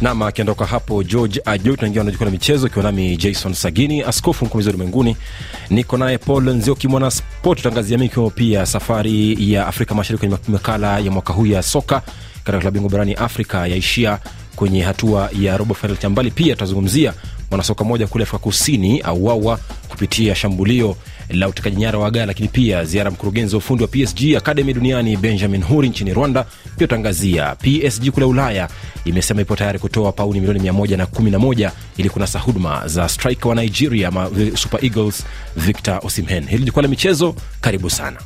Nam akiondoka hapo George Ajo, tunaingia na la michezo, ikiwa nami Jason Sagini, askofu mkimbizi ulimwenguni. Niko naye Paul Nzioki, mwana spot tangazia mi, ikiwemo pia safari ya Afrika Mashariki kwenye makala ya mwaka huu ya soka katika klabu bingwa barani Afrika yaishia kwenye hatua ya robo fainali mbali Pia tutazungumzia mwanasoka mmoja kule Afrika Kusini auawa kupitia shambulio la utekaji nyara wa gaa, lakini pia ziara mkurugenzi wa ufundi wa PSG Academy duniani Benjamin Huri nchini Rwanda tutangazia. PSG kule Ulaya imesema ipo tayari kutoa pauni milioni 111 ili kunasa huduma za striker wa Nigeria Super Eagles Victor Osimhen. Hili jukwaa la michezo, karibu sana.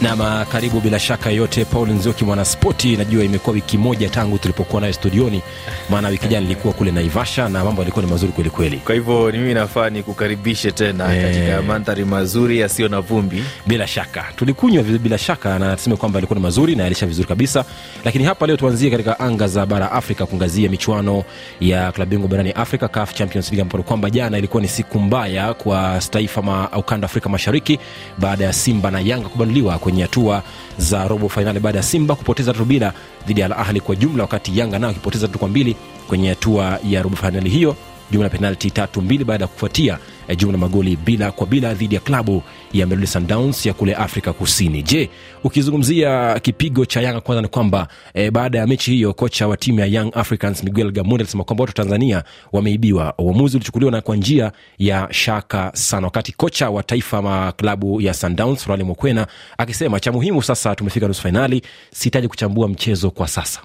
Nam, ah, karibu bila shaka yote, Paul Nzioki, mwanaspoti. Najua imekuwa wiki moja tangu tulipokuwa naye studioni, maana wiki jana ilikuwa kule Naivasha na mambo yalikuwa ni mazuri kwelikweli. Kwa hivyo ni mimi nafaa nikukaribishe tena e. katika mandhari mazuri yasiyo na vumbi. Bila shaka tulikunywa bila shaka, na tuseme kwamba yalikuwa ni mazuri na yalisha vizuri kabisa, lakini hapa leo tuanzie katika anga za bara Afrika kuangazia michuano ya klabu bingwa barani Afrika, CAF Champions League, ambapo kwamba jana ilikuwa ni siku mbaya kwa taifa ma ukanda Afrika Mashariki baada ya Simba na Yanga kubanduliwa kwenye hatua za robo fainali baada ya Simba kupoteza tatu bila dhidi ya Al Ahli kwa jumla, wakati Yanga nao akipoteza tatu kwa mbili kwenye hatua ya robo fainali hiyo, jumla ya penalti tatu mbili baada ya kufuatia jumla magoli bila kwa bila dhidi ya klabu ya Mamelodi Sundowns ya kule Afrika Kusini. Je, ukizungumzia kipigo cha Yanga kwanza ni kwamba e, baada ya mechi hiyo kocha wa timu ya Young Africans Miguel Gamondi alisema kwamba watu wa Tanzania wameibiwa. Uamuzi ulichukuliwa na kwa njia ya shaka sana, wakati kocha wa taifa ma klabu ya Sundowns Furali Mokwena akisema cha muhimu sasa tumefika nusu fainali, sihitaji kuchambua mchezo kwa sasa.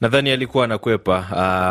Nadhani alikuwa anakwepa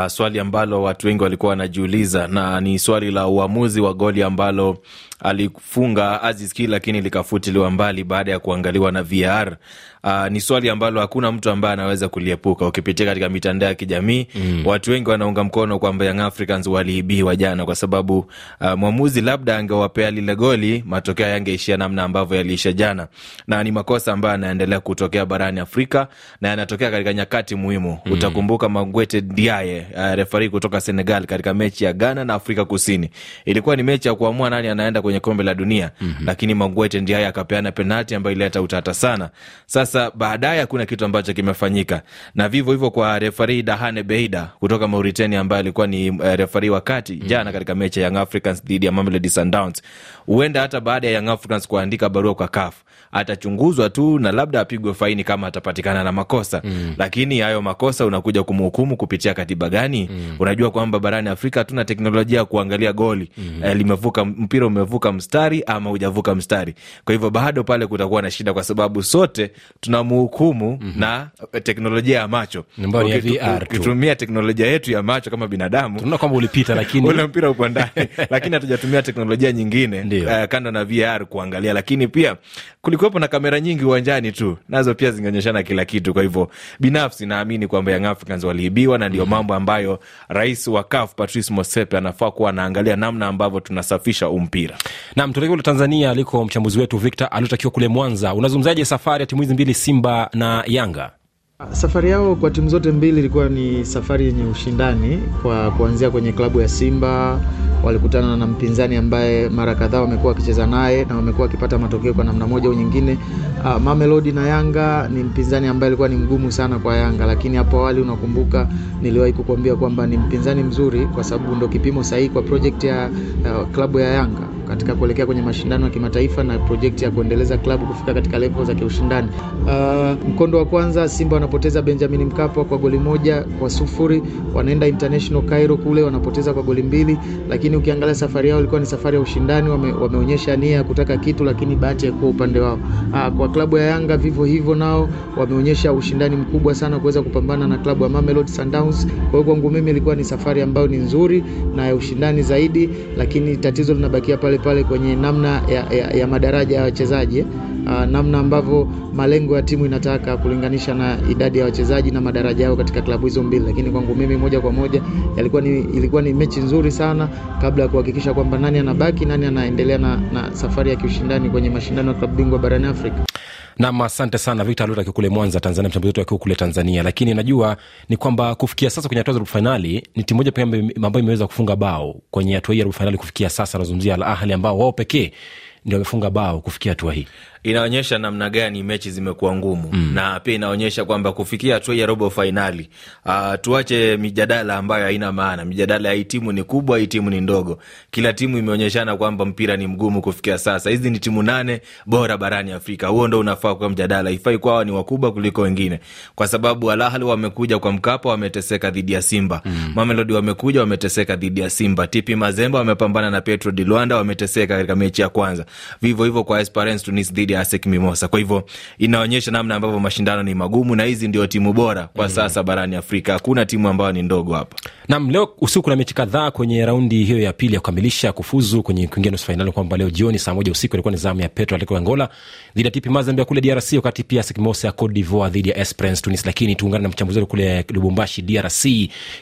uh, swali ambalo watu wengi walikuwa wanajiuliza, na ni swali la uamuzi wa goli ambalo alifunga Aziz Ki, lakini likafutiliwa mbali baada ya kuangaliwa na VAR uh, ni swali ambalo hakuna mtu ambaye anaweza kuliepuka. Ukipitia katika mitandao ya kijamii mm, watu wengi wanaunga mkono kwamba Young Africans waliibiwa jana, kwa sababu uh, mwamuzi labda angewapea lile goli, matokeo yangeishia namna ambavyo yaliisha jana, na ni makosa ambayo yanaendelea kutokea barani Afrika na yanatokea katika nyakati muhimu mm. Utakumbuka Mangwete Ndiaye, uh, ah, refari kutoka Senegal katika mechi ya Ghana na Afrika Kusini, ilikuwa ni mechi ya kuamua nani anaenda kwenye kombe la dunia mm -hmm. Lakini Mangwete Ndiaye akapeana penati ambayo ilileta utata sana sasa sasa baadaye hakuna kitu ambacho kimefanyika, na vivyo hivyo kwa refari Dahane Beida kutoka Mauritania ambaye alikuwa ni uh, eh, refari wakati mm. jana katika mechi ya Young Africans dhidi ya Mamelodi Sundowns. Huenda hata baada ya Young Africans kuandika barua kwa CAF atachunguzwa tu na labda apigwe faini kama atapatikana na makosa mm. Lakini hayo makosa unakuja kumhukumu kupitia katiba gani? mm. Unajua kwamba barani Afrika hatuna teknolojia ya kuangalia goli mm. Eh, limevuka mpira umevuka mstari ama hujavuka mstari, kwa hivyo bado pale kutakuwa na shida, kwa sababu sote tunamhukumu mm -hmm. na eh, teknolojia ya macho ukitumia teknolojia yetu ya macho kama binadamu tunaona kwamba ulipita lakini ule mpira uko ndani lakini hatujatumia teknolojia nyingine uh, kando na VR kuangalia, lakini pia kulikuwepo na kamera nyingi uwanjani tu, nazo pia zingeonyeshana kila kitu. Kwa hivyo binafsi naamini kwamba Young Africans waliibiwa, na ndio mm. mambo ambayo rais wa CAF Patrice mosepe anafaa kuwa anaangalia namna ambavyo tunasafisha huu mpira. Nam tuelekea kule Tanzania aliko mchambuzi wetu Victor aliotakiwa kule Mwanza. Unazungumzaje safari ya timu hizi mbili, Simba na Yanga? Safari yao kwa timu zote mbili ilikuwa ni safari yenye ushindani kwa kuanzia kwenye klabu ya Simba walikutana na mpinzani ambaye mara kadhaa wamekuwa wakicheza naye na wamekuwa wakipata matokeo kwa namna moja au nyingine uh, ah, Mamelodi na Yanga ni mpinzani ambaye alikuwa ni mgumu sana kwa Yanga, lakini hapo awali unakumbuka niliwahi kukuambia kwamba ni mpinzani mzuri kwa sababu ndo kipimo sahihi kwa project ya uh, klabu ya Yanga katika kuelekea kwenye mashindano ya kimataifa na projekti ya kuendeleza klabu kufika katika levo za kiushindani. Uh, mkondo wa kwanza Simba wanapoteza Benjamin Mkapa kwa goli moja kwa sufuri, wanaenda International Cairo kule wanapoteza kwa goli mbili, lakini ukiangalia safari yao ilikuwa ni safari ya ushindani, wame, wameonyesha nia ya kutaka kitu, lakini bahati haikuwa upande wao. Uh, kwa klabu ya Yanga vivyo hivyo, nao wameonyesha ushindani mkubwa sana kuweza kupambana na klabu ya Mamelodi Sundowns. Kwa hiyo kwangu mimi ilikuwa ni safari ambayo ni nzuri na ya ushindani zaidi, lakini tatizo linabakia pale pale kwenye namna ya, ya, ya madaraja ya wachezaji uh, namna ambavyo malengo ya timu inataka kulinganisha na idadi ya wachezaji na madaraja yao katika klabu hizo mbili, lakini kwangu mimi moja kwa moja yalikuwa ni, ilikuwa ni mechi nzuri sana kabla ya kuhakikisha kwamba nani anabaki nani anaendelea na, na safari ya kiushindani kwenye mashindano ya klabu bingwa barani Afrika. Nam, asante sana Victor Luta akiwa kule Mwanza, Tanzania, mchambuzi wetu akiwa kule Tanzania. Lakini najua ni kwamba kufikia sasa kwenye hatua za robo fainali ni timu moja pekee ambayo imeweza kufunga bao kwenye hatua hii ya robo fainali. Kufikia sasa, anazungumzia Al Ahli ambao wao pekee ndio wamefunga bao kufikia hatua hii inaonyesha namna gani mechi zimekuwa ngumu mm. na pia inaonyesha kwamba kufikia hatua ya robo fainali uh, ah, tuache mijadala ambayo haina maana. Mijadala ya hii timu ni kubwa, hii timu ni ndogo. Kila timu imeonyeshana kwamba mpira ni mgumu kufikia sasa. Hizi ni timu nane bora barani Afrika, huo ndo unafaa kuwa mjadala. Ifai kwawa ni wakubwa kuliko wengine, kwa sababu Al Ahly wamekuja kwa Mkapa wameteseka dhidi ya Simba mm. Mamelodi wamekuja wameteseka dhidi ya Simba, TP Mazembe wamepambana na Petro di Luanda wameteseka katika mechi ya kwanza, vivyo hivyo kwa Esperance Tunis dhidi dhidi ya ASEC Mimosa. Kwa hivyo inaonyesha namna ambavyo mashindano ni magumu, na hizi ndio timu bora kwa mm. sasa barani Afrika. Hakuna timu ambayo ni ndogo hapa. Nam, leo usiku kuna mechi kadhaa kwenye raundi hiyo ya pili ya kukamilisha kufuzu kwenye kuingia nusu fainali, kwamba leo jioni saa moja usiku ilikuwa ni zamu ya Petro Atletico Angola dhidi ya TP Mazembe kule DRC, wakati pia ASEC Mimosa ya Cote d'Ivoire dhidi ya Esperance Tunis. Lakini tuungane na mchambuzi wetu kule Lubumbashi, DRC,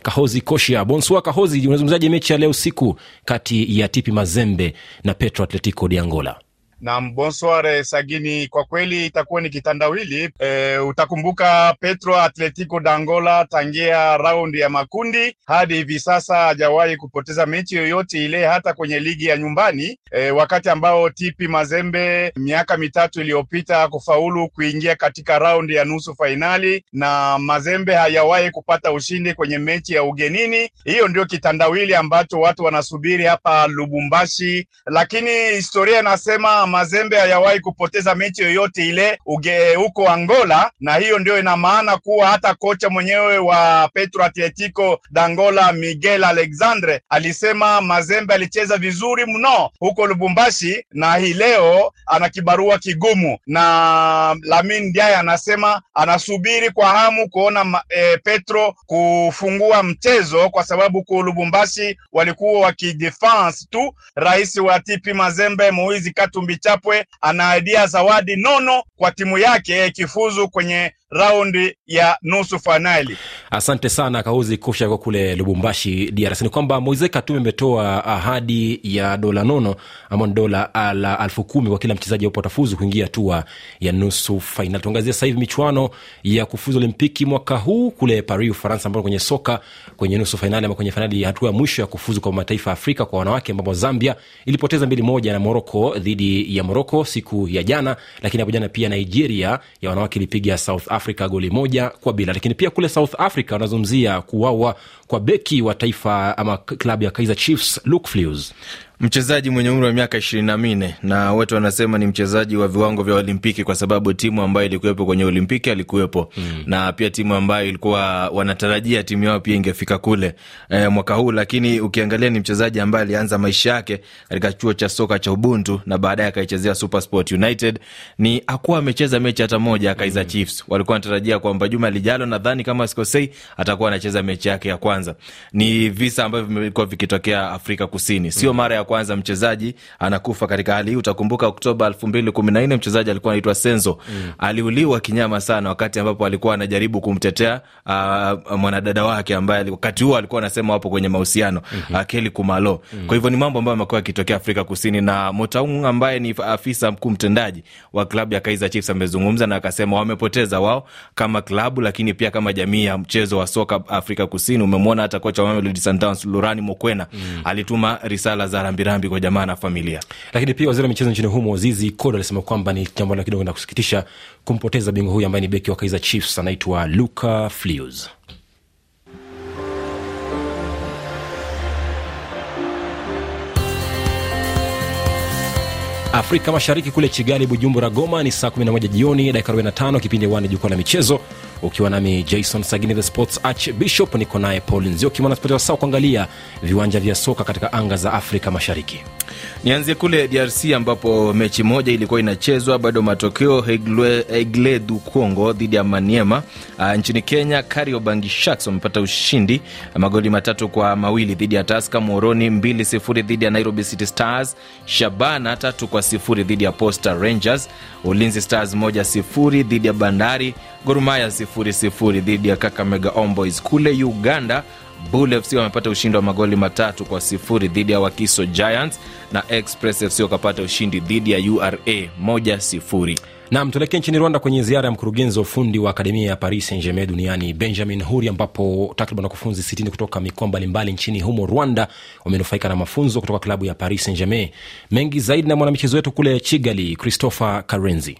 Kahozi Kosha. Bonsoir Kahozi, unazungumzaje mechi ya leo usiku kati ya TP Mazembe na Petro Atletico de Angola? Nam, bonsoir eh, Sagini, kwa kweli itakuwa ni kitandawili e, utakumbuka Petro Atletico dangola tangia raundi ya makundi hadi hivi sasa hajawahi kupoteza mechi yoyote ile, hata kwenye ligi ya nyumbani e, wakati ambao TP Mazembe miaka mitatu iliyopita kufaulu kuingia katika raundi ya nusu fainali, na Mazembe hayawahi kupata ushindi kwenye mechi ya ugenini. Hiyo ndio kitandawili ambacho watu wanasubiri hapa Lubumbashi, lakini historia inasema Mazembe hayawahi kupoteza mechi yoyote ile uge huko Angola, na hiyo ndio ina maana kuwa hata kocha mwenyewe wa Petro Atletico d'Angola Miguel Alexandre alisema Mazembe alicheza vizuri mno huko Lubumbashi, na hii leo ana kibarua kigumu, na lamin Ndiaye anasema anasubiri kwa hamu kuona e, Petro kufungua mchezo kwa sababu ku Lubumbashi walikuwa wakidefense tu. Rais wa TP Mazembe Moizi Katumbi Chapwe anaahidia zawadi nono kwa timu yake ikifuzu kwenye raundi ya nusu fainali. Asante sana Kauzi Kusha kwa kule Lubumbashi, DRC. Ni kwamba Moise Katume imetoa ahadi ya dola nono ama ni dola la elfu kumi kwa kila mchezaji hapo atafuzu kuingia hatua ya nusu fainali. Tuangazia sasa hivi michuano ya kufuzu Olimpiki mwaka huu kule Paris, Ufaransa, ambao kwenye soka kwenye nusu fainali ama kwenye fainali hatua ya mwisho ya kufuzu kwa mataifa ya Afrika kwa wanawake, ambapo Zambia ilipoteza mbili moja na Moroko dhidi ya Moroko siku ya jana, lakini hapo jana pia Nigeria ya wanawake ilipiga South Africa goli moja kwa bila. Lakini pia kule South Africa wanazungumzia kuwawa kwa beki wa taifa ama klabu ya kaiser Chiefs Luke mchezaji mwenye umri wa miaka ishirini na minne na watu wanasema ni mchezaji wa viwango vya Olimpiki kwa sababu timu ambayo ilikuwepo kwenye Olimpiki alikuwepo mm. na pia timu ambayo ilikuwa wanatarajia timu yao pia ingefika kule e, mwaka huu, lakini ukiangalia ni mchezaji ambaye alianza maisha yake katika chuo cha soka cha Ubuntu na baadaye akaichezea Supersport United. Ni akuwa amecheza mechi hata moja akaiza mm. Chiefs. Walikuwa wanatarajia kwamba juma lijalo, nadhani kama sikosei, atakuwa anacheza mechi yake ya kwanza. Ni visa ambavyo vimekuwa vikitokea Afrika Kusini, sio hmm. mara ya kwanza mchezaji anakufa katika hali hii. Utakumbuka Oktoba 2014 mchezaji alikuwa anaitwa Senzo mm. aliuliwa kinyama sana, wakati ambapo alikuwa anajaribu kumtetea uh, mwanadada wake ambaye wakati huo alikuwa anasema wapo kwenye mahusiano mm-hmm. ah, mm -hmm. uh, Kelly Kumalo mm -hmm. kwa hivyo ni mambo ambayo amekuwa akitokea Afrika Kusini, na Motaung ambaye ni afisa mkuu mtendaji wa klabu ya Kaizer Chiefs amezungumza na akasema wamepoteza wao kama klabu, lakini pia kama jamii ya mchezo wa soka Afrika Kusini. Umemwona hata kocha wa Mamelodi Sundowns Lorani Mokwena mm. alituma risala za rambirambi kwa jamaa na familia. Lakini pia waziri wa michezo nchini humo Zizi Kodo alisema kwamba ni jambo la kidogo na kusikitisha kumpoteza bingwa huyu ambaye ni beki wa Kaizer Chiefs anaitwa Luka Flius. Afrika Mashariki, kule Kigali, Bujumbura, Goma ni saa 11 jioni dakika 45, kipindi wani jukwaa la michezo, ukiwa nami Jason Sagini the Sports Archbishop. Niko naye Paul Nzioki, mwanaspoti wa saa kuangalia viwanja vya soka katika anga za Afrika Mashariki. Nianzie kule DRC ambapo mechi moja ilikuwa inachezwa bado, matokeo Egle du Kongo dhidi ya Maniema. Uh, nchini Kenya, Kariobangi Sharks wamepata ushindi magoli matatu kwa mawili dhidi ya Taska Moroni, 2 sifuri dhidi ya Nairobi City Stars. Shabana tatu kwa sifuri dhidi ya Posta Rangers, Ulinzi Stars moja sifuri dhidi ya Bandari, Gor Mahia sifuri sifuri dhidi ya Kakamega Homeboyz. Kule Uganda Bull FC wamepata ushindi wa magoli matatu kwa sifuri dhidi ya Wakiso Giants na Express FC wakapata ushindi dhidi ya URA moja sifuri. Nam, tuelekee nchini Rwanda kwenye ziara ya mkurugenzi wa ufundi wa akademia ya Paris Saint Germain duniani Benjamin Huri, ambapo takriban wakufunzi sitini kutoka mikoa mbalimbali nchini humo Rwanda wamenufaika na mafunzo kutoka klabu ya Paris Saint Germain. Mengi zaidi na mwanamichezo wetu kule chigali Christopher Karenzi.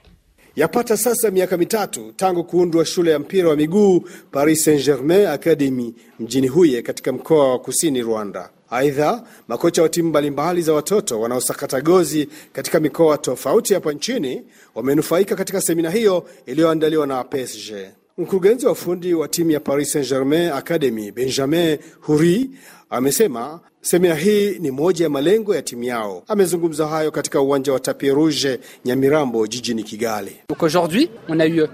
Yapata sasa miaka mitatu tangu kuundwa shule ya mpira wa miguu Paris Saint Germain Academy mjini Huye katika mkoa wa kusini Rwanda. Aidha, makocha wa timu mbalimbali za watoto wanaosakata gozi katika mikoa tofauti hapa nchini wamenufaika katika semina hiyo iliyoandaliwa na PSG. Mkurugenzi wa ufundi wa timu ya Paris Saint-Germain Academy Benjamin Huri Amesema semina hii ni moja ya malengo ya timu yao. Amezungumza hayo katika uwanja wa Tapis Rouge Nyamirambo jijini Kigali. Euh,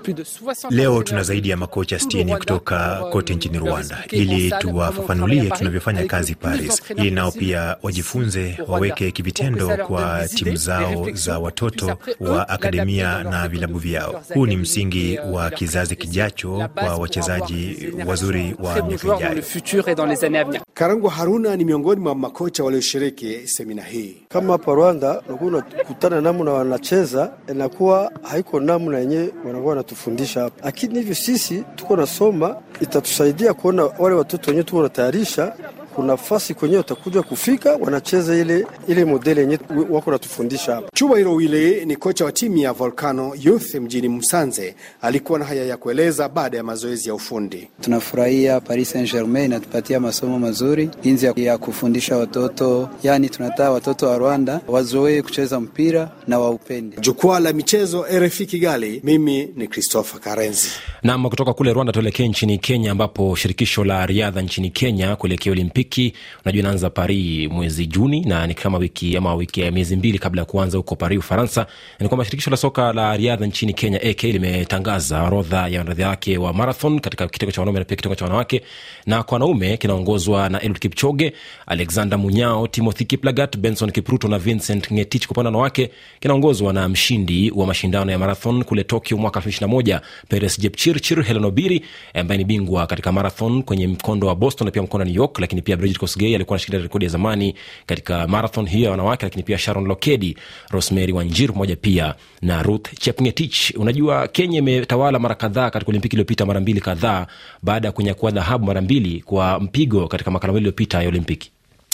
Leo tuna zaidi ya makocha 60 kutoka euh, kote nchini Rwanda ili tuwafafanulie tunavyofanya kazi Paris, ili nao pia wajifunze, waweke kivitendo kwa timu zao za watoto wa akademia na vilabu vyao. Huu ni msingi euh, wa kizazi kijacho kwa wachezaji wazuri wa miaka ijayo. Murangwa Haruna ni miongoni mwa makocha walioshiriki semina hii. Kama hapa Rwanda unakuwa unakutana namna wanacheza, inakuwa haiko namna yenye wanakuwa wanatufundisha hapa, lakini hivyo sisi tuko nasoma, itatusaidia kuona wale watoto wenyewe tuko natayarisha kuna fasi kwenyewe utakuja kufika wanacheza ile ile modeli yenye wako natufundisha hapa. Chuba ile ni kocha wa timu ya Volcano Youth mjini Msanze, alikuwa na haya ya kueleza baada ya mazoezi ya ufundi. Tunafurahia Paris Saint Germain inatupatia masomo mazuri jinsi ya kufundisha watoto, yani tunataka watoto wa Rwanda wazoee kucheza mpira na waupende. Jukwaa la michezo RFI Kigali, mimi ni Christopher Karenzi. Nam kutoka kule Rwanda tuelekee nchini Kenya, ambapo shirikisho la riadha nchini Kenya kuelekea Olimpiki olimpiki unajua inaanza Paris mwezi Juni na ni kama wiki ama wiki ya miezi mbili kabla ya kuanza huko Paris, Ufaransa. Ni kwamba shirikisho la soka la riadha nchini Kenya AK limetangaza orodha ya wanariadha wake wa marathon katika kitengo cha wanaume na pia kitengo cha wanawake, na kwa wanaume kinaongozwa na Eliud Kipchoge, Alexander Munyao, Timothy Kiplagat, Benson Kipruto na Vincent Ngetich. Kwa upande wanawake kinaongozwa na mshindi wa mashindano ya marathon kule Tokyo mwaka 2021 Peres Jepchirchir, Helen Obiri ambaye ni bingwa katika marathon kwenye mkondo wa Boston na pia mkondo wa New York, lakini pia pia Bridget Kosgei alikuwa anashikilia rekodi ya zamani katika marathon hiyo ya wanawake, lakini pia Sharon Lokedi, Rosemary Wanjiru pamoja pia na Ruth Chepngetich. Unajua, Kenya imetawala mara kadhaa katika Olimpiki iliyopita, mara mbili kadhaa, baada ya kunyakua dhahabu mara mbili kwa mpigo katika makala mawili iliyopita ya Olimpiki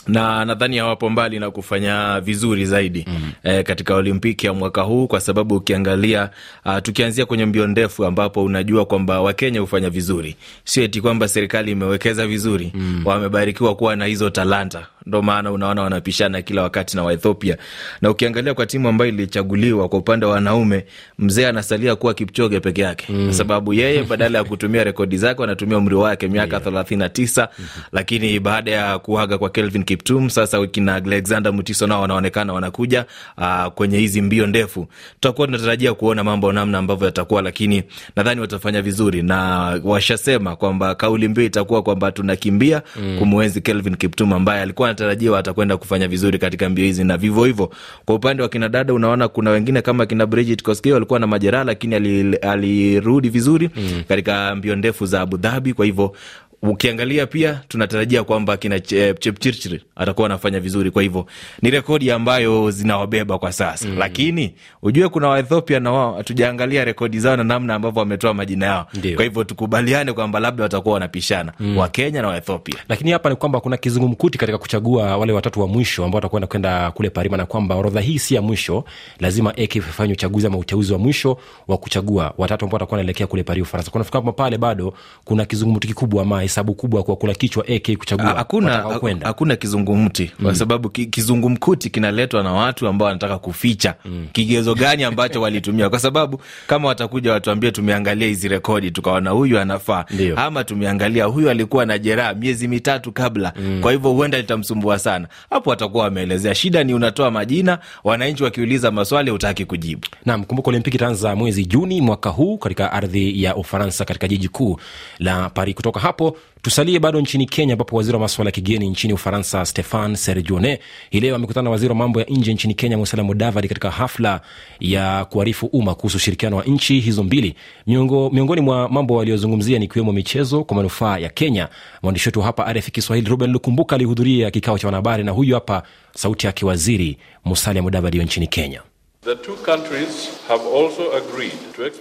na nadhani hawapo mbali na kufanya vizuri zaidi mm. -hmm. e, katika Olimpiki ya mwaka huu kwa sababu ukiangalia a, ah, tukianzia kwenye mbio ndefu ambapo unajua kwamba Wakenya hufanya vizuri, sio eti kwamba serikali imewekeza vizuri mm. -hmm. wamebarikiwa kuwa na hizo talanta, ndo maana unaona wanapishana kila wakati na Waethiopia. Na ukiangalia kwa timu ambayo ilichaguliwa kwa upande wa wanaume, mzee anasalia kuwa Kipchoge peke yake mm. kwa sababu yeye badala ya kutumia rekodi zake anatumia umri wake miaka yeah. 39 mm -hmm. lakini baada ya kuaga kwa Kelvin Kip Kiptum. Sasa kina Alexander Mutiso nao wanaonekana wanakuja aa, ah, kwenye hizi mbio ndefu. Tutakuwa tunatarajia kuona mambo namna ambavyo yatakuwa, lakini nadhani watafanya vizuri, na washasema kwamba kauli mbiu itakuwa kwamba tunakimbia mm. kumwenzi Kelvin Kiptum ambaye alikuwa anatarajiwa atakwenda kufanya vizuri katika mbio hizi, na vivyo hivyo kwa upande wa kinadada, unaona kuna wengine kama kina Bridget Kosgei walikuwa na majeraha, lakini alirudi ali vizuri mm. katika mbio ndefu za Abu Dhabi, kwa hivyo Ukiangalia pia tunatarajia kwamba kina eh, Chepchirchir atakuwa anafanya vizuri, kwa hivyo ni rekodi ambayo zinawabeba kwa sasa mm. Lakini ujue kuna Waethiopia na wao hatujaangalia rekodi zao na namna ambavyo wametoa majina yao Ndiyo. Kwa hivyo tukubaliane kwamba labda watakuwa wanapishana mm. Wakenya na Waethiopia, lakini hapa ni kwamba kuna kizungumkuti katika kuchagua wale watatu wa mwisho ambao watakwenda kwenda kule Parima, na kwamba orodha hii si ya mwisho, lazima AKF ifanye uchaguzi ama uchaguzi wa mwisho wa kuchagua watatu ambao watakuwa wanaelekea kule Paris, Ufaransa. Kunafika kwamba pale bado kuna kizungumkuti kikubwa ama hesabu kubwa kwa kula kichwa ak kuchagua hakuna hakuna kizungumti mm. kwa sababu kizungumkuti kinaletwa na watu ambao wanataka kuficha mm. kigezo gani ambacho walitumia kwa sababu kama watakuja watuambie tumeangalia hizi rekodi tukaona huyu anafaa ama tumeangalia huyu alikuwa na jeraha miezi mitatu kabla mm. kwa hivyo huenda litamsumbua sana hapo watakuwa wameelezea shida ni unatoa majina wananchi wakiuliza maswali hutaki kujibu nam kumbuka olimpiki itaanza mwezi juni mwaka huu katika ardhi ya ufaransa katika jiji kuu la paris kutoka hapo Tusalie bado nchini Kenya, ambapo waziri wa maswala ya kigeni nchini Ufaransa Stefan serjone hii leo amekutana na waziri wa mambo ya nje nchini Kenya musala Mudavadi katika hafla ya kuharifu umma kuhusu ushirikiano wa nchi hizo mbili. Miongo, miongoni mwa mambo waliyozungumzia ni ikiwemo michezo kwa manufaa ya Kenya. Mwandishi wetu hapa rf Kiswahili Ruben Lukumbuka alihudhuria kikao cha wanahabari, na huyu hapa sauti yake waziri musala Mudavadi wa nchini Kenya.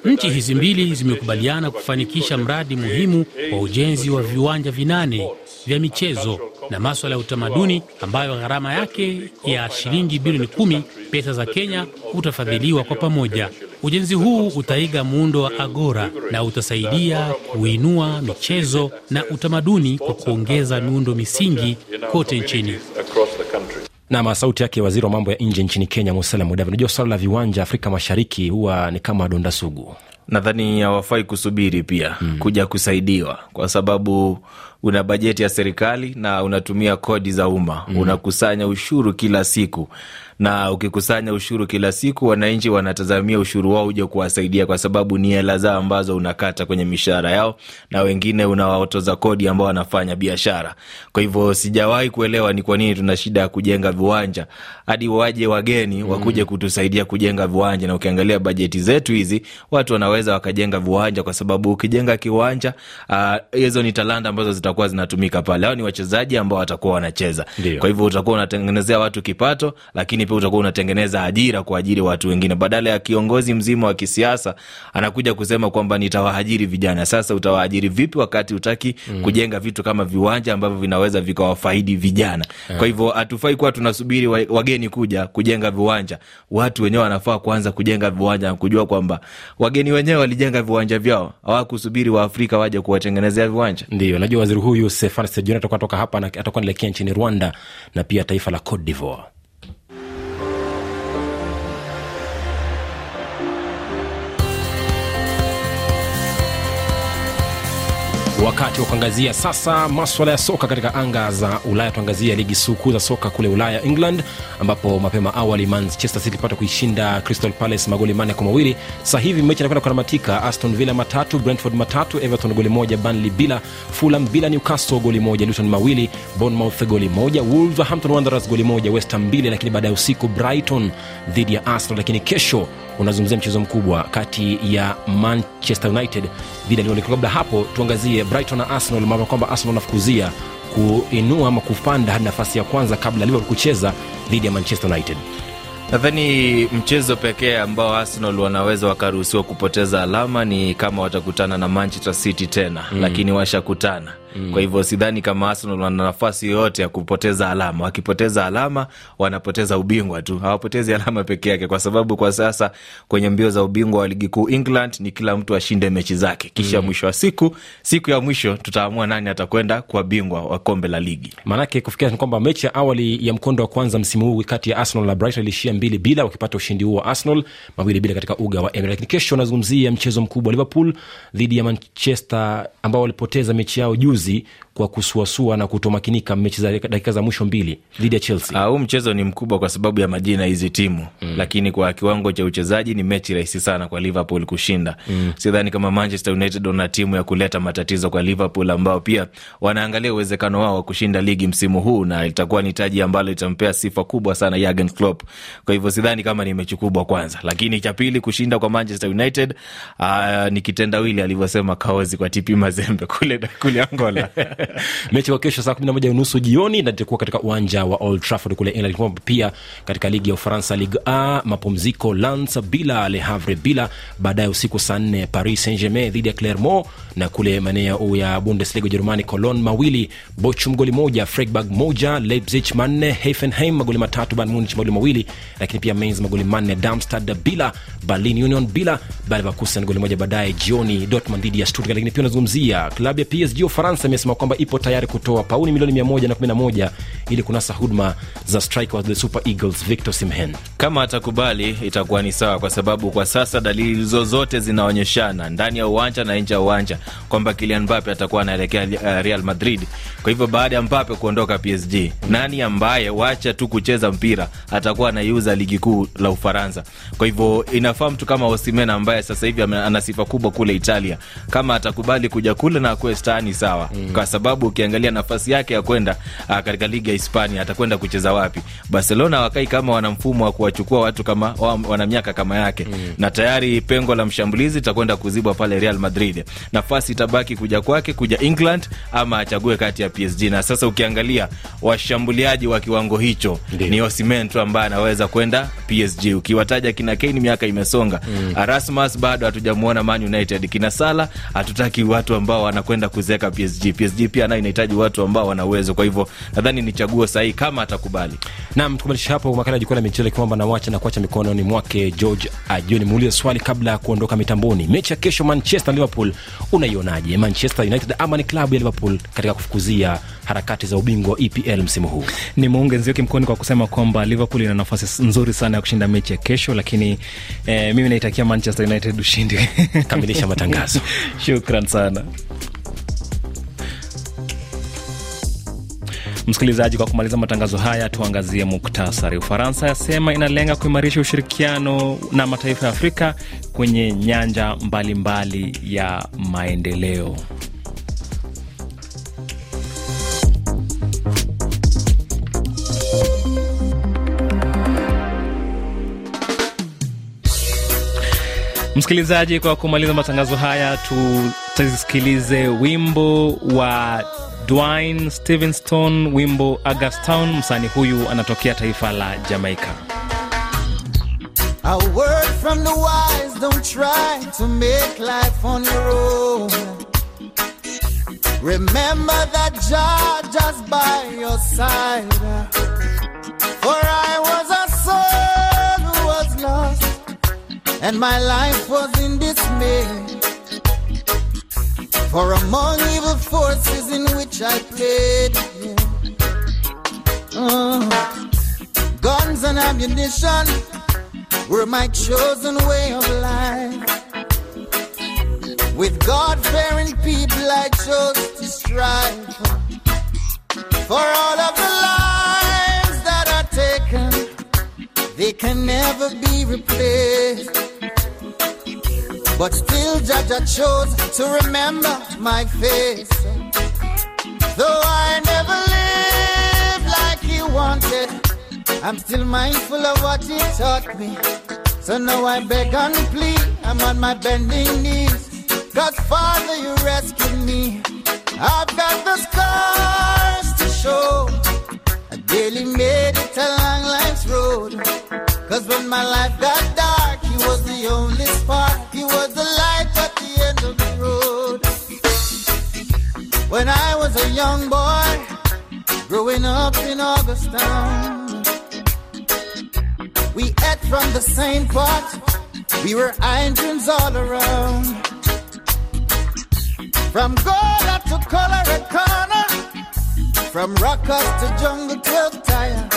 Nchi hizi mbili zimekubaliana kufanikisha mradi muhimu wa ujenzi wa viwanja vinane vya michezo na maswala ya utamaduni ambayo gharama yake ya shilingi bilioni kumi pesa za Kenya utafadhiliwa kwa pamoja. Ujenzi huu utaiga muundo wa Agora na utasaidia kuinua michezo na utamaduni kwa kuongeza miundo misingi kote nchini. Nam, sauti yake waziri wa mambo ya nje nchini Kenya, Musalia Unajua swala la viwanja Afrika Mashariki huwa ni kama donda sugu, nadhani hawafai kusubiri pia mm, kuja kusaidiwa kwa sababu una bajeti ya serikali na unatumia kodi za umma mm. Unakusanya ushuru kila siku, na ukikusanya ushuru kila siku, wananchi wanatazamia ushuru wao uje kuwasaidia, kwa sababu ni hela zao ambazo unakata kwenye mishahara yao, na wengine unawatoza kodi ambao wanafanya biashara. Kwa hivyo sijawahi kuelewa ni kwa nini tuna shida ya kujenga viwanja hadi waje wageni mhm. wakuje kutusaidia kujenga viwanja. Na ukiangalia bajeti zetu hizi, watu wanaweza wakajenga viwanja, kwa sababu ukijenga kiwanja ah, hizo uh, ni talanta ambazo zita zitakuwa zinatumika pale. Hao ni wachezaji ambao watakuwa wanacheza. Ndiyo. Kwa hivyo utakuwa unatengenezea watu kipato, lakini pia utakuwa unatengeneza ajira kwa ajili ya watu wengine, badala ya kiongozi mzima wa kisiasa anakuja kusema kwamba nitawaajiri vijana. Sasa utawaajiri vipi wakati utaki mm. kujenga vitu kama viwanja ambavyo vinaweza vikawafaidi vijana? Yeah. Kwa hivyo hatufai kuwa tunasubiri wageni kuja kujenga viwanja. Watu wenyewe wanafaa kuanza kujenga viwanja na kujua kwamba wageni wenyewe walijenga viwanja vyao, hawakusubiri Waafrika waje kuwatengenezea viwanja. Ndio najua waziri waziri huyu Sefar Sejoni atakuwa toka hapa, atakuwa anaelekea nchini Rwanda na pia taifa la Cote d'Ivoire. Wakati wa kuangazia sasa maswala ya soka katika anga za Ulaya, tuangazia ligi sukuu za soka kule Ulaya, England, ambapo mapema awali Manchester City ilipata kuishinda Crystal Palace magoli manne kwa mawili. Sasa hivi mechi inakwenda kukamatika, Aston Villa matatu, Brentford matatu, Everton goli moja, banly bila, fulam bila, Newcastle goli moja, Luton mawili, Bournemouth goli moja, Wolverhampton Wanderers goli moja, westham Ham mbili, lakini baada ya usiku Brighton dhidi ya Arsenal, lakini kesho unazungumzia mchezo mkubwa kati ya manchester united dhidi ya liverpool kabla hapo tuangazie brighton na arsenal maana kwamba arsenal anafukuzia kuinua ama kupanda hadi nafasi ya kwanza kabla liverpool kucheza dhidi ya manchester united nadhani mchezo pekee ambao arsenal wanaweza wakaruhusiwa kupoteza alama ni kama watakutana na manchester city tena mm. lakini washakutana mm. Kwa hivyo sidhani kama Arsenal wana nafasi yoyote ya kupoteza alama. Wakipoteza alama, wanapoteza ubingwa tu, hawapotezi alama peke yake, kwa sababu kwa sasa kwenye mbio za ubingwa wa ligi kuu England ni kila mtu ashinde mechi zake, kisha mm. mwisho wa siku, siku ya mwisho tutaamua nani atakwenda kuwa bingwa wa kombe la ligi. Maanake kufikia ni kwamba mechi ya awali ya mkondo wa kwanza msimu huu kati ya Arsenal na Brighton ilishia mbili bila, wakipata ushindi huo wa Arsenal mawili bila katika uga wa Emirates. Lakini kesho anazungumzia mchezo mkubwa wa Liverpool dhidi ya Manchester ambao walipoteza mechi yao juzi Rosie kwa kusuasua na kutomakinika mechi za dakika za mwisho mbili dhidi ya Chelsea. Ah, huu mchezo ni mkubwa kwa sababu ya majina hizi timu mm. Lakini kwa kiwango cha uchezaji ni mechi rahisi sana kwa Liverpool kushinda mm. Sidhani kama Manchester United wana timu ya kuleta matatizo kwa Liverpool, ambao pia wanaangalia uwezekano wao wa kushinda ligi msimu huu, na itakuwa ni taji ambalo itampea sifa kubwa sana Jurgen Klopp. Kwa hivyo sidhani kama ni mechi kubwa kwanza, lakini cha pili kushinda kwa Manchester United uh, ni kitendawili alivyosema Kaozi kwa TP Mazembe kule, kule Angola mechi kwa kesho saa kumi na moja unusu jioni na itakuwa katika uwanja wa Old Trafford kule England. pia katika ligi ya Ufaransa, Ligue A, mapumziko Lens bila Le Havre bila, baadaye usiku saa nne Paris Saint Germain dhidi ya Clermont, na kule maeneo ya Bundesliga Ujerumani, Cologne mawili Bochum goli moja Freiburg moja Leipzig manne Hoffenheim magoli matatu Bayern Munich magoli mawili, lakini pia Mainz magoli manne Darmstadt bila Berlin Union bila Bayer Leverkusen goli moja, baadaye jioni Dortmund dhidi ya Stuttgart. Lakini pia unazungumzia klabu ya PSG Ufaransa imesema kwamba ipo tayari kutoa pauni milioni 111 ili kunasa huduma za strike wa the Super Eagles Victor Simhen. Kama atakubali itakuwa ni sawa, kwa sababu kwa sasa dalili zozote zinaonyeshana ndani ya uwanja na nje ya uwanja kwamba kilian mbape atakuwa anaelekea uh, Real Madrid. Kwa hivyo baada ya mbape kuondoka PSG, nani ambaye wacha tu kucheza mpira atakuwa anaiuza ligi kuu la Ufaransa? Kwa hivyo inafaa mtu kama osimen ambaye sasa hivi ana sifa kubwa kule Italia, kama atakubali kuja kule na akuwe stani, sawa, mm. kwa sababu sababu ukiangalia nafasi yake ya kwenda ah, katika ligi ya Hispania atakwenda kucheza wapi? Barcelona wakai kama wana mfumo wa kuwachukua watu kama wana miaka kama yake mm. na tayari pengo la mshambulizi itakwenda kuzibwa pale Real Madrid. Nafasi itabaki kuja kwake kuja England ama achague kati ya PSG. Na sasa ukiangalia washambuliaji wa kiwango hicho Ndiyo. ni Osimhen tu ambaye anaweza kwenda PSG. Ukiwataja kina Kane miaka imesonga mm. Erasmus ah, bado hatujamuona Man United, kina Sala hatutaki watu ambao wanakwenda kuzeeka PSG. PSG lakini pia nayo inahitaji watu ambao wana uwezo. Kwa hivyo nadhani ni chaguo sahihi kama atakubali. Naam, tukumalisha hapo makala ya jukwaa la michezo, ikiwamba nawacha na kuacha mikononi mwake George Ajoni. Muulize swali kabla ya kuondoka mitamboni, mechi ya kesho Manchester Liverpool unaionaje? Manchester United ama ni klabu ya Liverpool katika kufukuzia harakati za ubingwa wa EPL msimu huu? Ni muunge Nzioki mkono kwa kusema kwamba Liverpool ina nafasi nzuri sana ya kushinda mechi ya kesho, lakini eh, mimi naitakia Manchester United ushindi. Kamilisha matangazo. Shukran sana. Msikilizaji, kwa kumaliza matangazo haya, tuangazie muktasari. Ufaransa yasema inalenga kuimarisha ushirikiano na mataifa ya Afrika kwenye nyanja mbalimbali mbali ya maendeleo. Msikilizaji, kwa kumaliza matangazo haya, tutasikilize wimbo wa dwin stevenston wimbo agustown msani huyu anatokea taifa la Jamaica. Remember that just by your side. For I was and my life was in dismay. For among evil forces in which I played, yeah. uh, guns and ammunition were my chosen way of life. With God fearing people, I chose to strive for all of the lives that are taken, they can never be replaced. But still, Judge, I chose to remember my face. Though I never lived like he wanted, I'm still mindful of what he taught me. So now I beg and plead, I'm on my bending knees. God, Father, you rescued me. I've got the scars to show. I daily made it long life's road. Cause when my life got dark, he was the only spark. When I was a young boy, growing up in Augustown, we ate from the same pot. We were irons all around. From Gola to Coloracana, from Rockers to Jungle to Tire,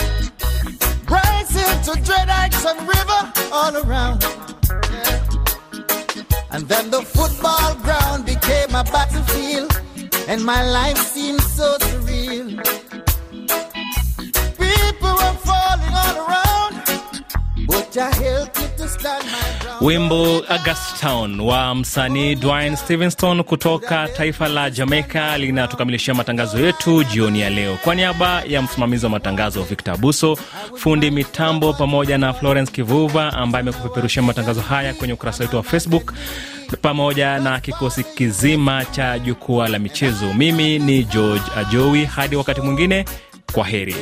Brazil to Dread and River, all around. And then the football ground became a battlefield and my life seems so surreal. Wimbo Town wa msanii Dwayne Stevenson kutoka taifa la Jamaica linatukamilishia matangazo yetu jioni ya leo. Kwa niaba ya msimamizi wa matangazo Victor Abuso, fundi mitambo pamoja na Florence Kivuva ambaye amekupeperushia matangazo haya kwenye ukurasa wetu wa Facebook, pamoja na kikosi kizima cha jukwaa la michezo. Mimi ni George Ajowi, hadi wakati mwingine, kwa heri.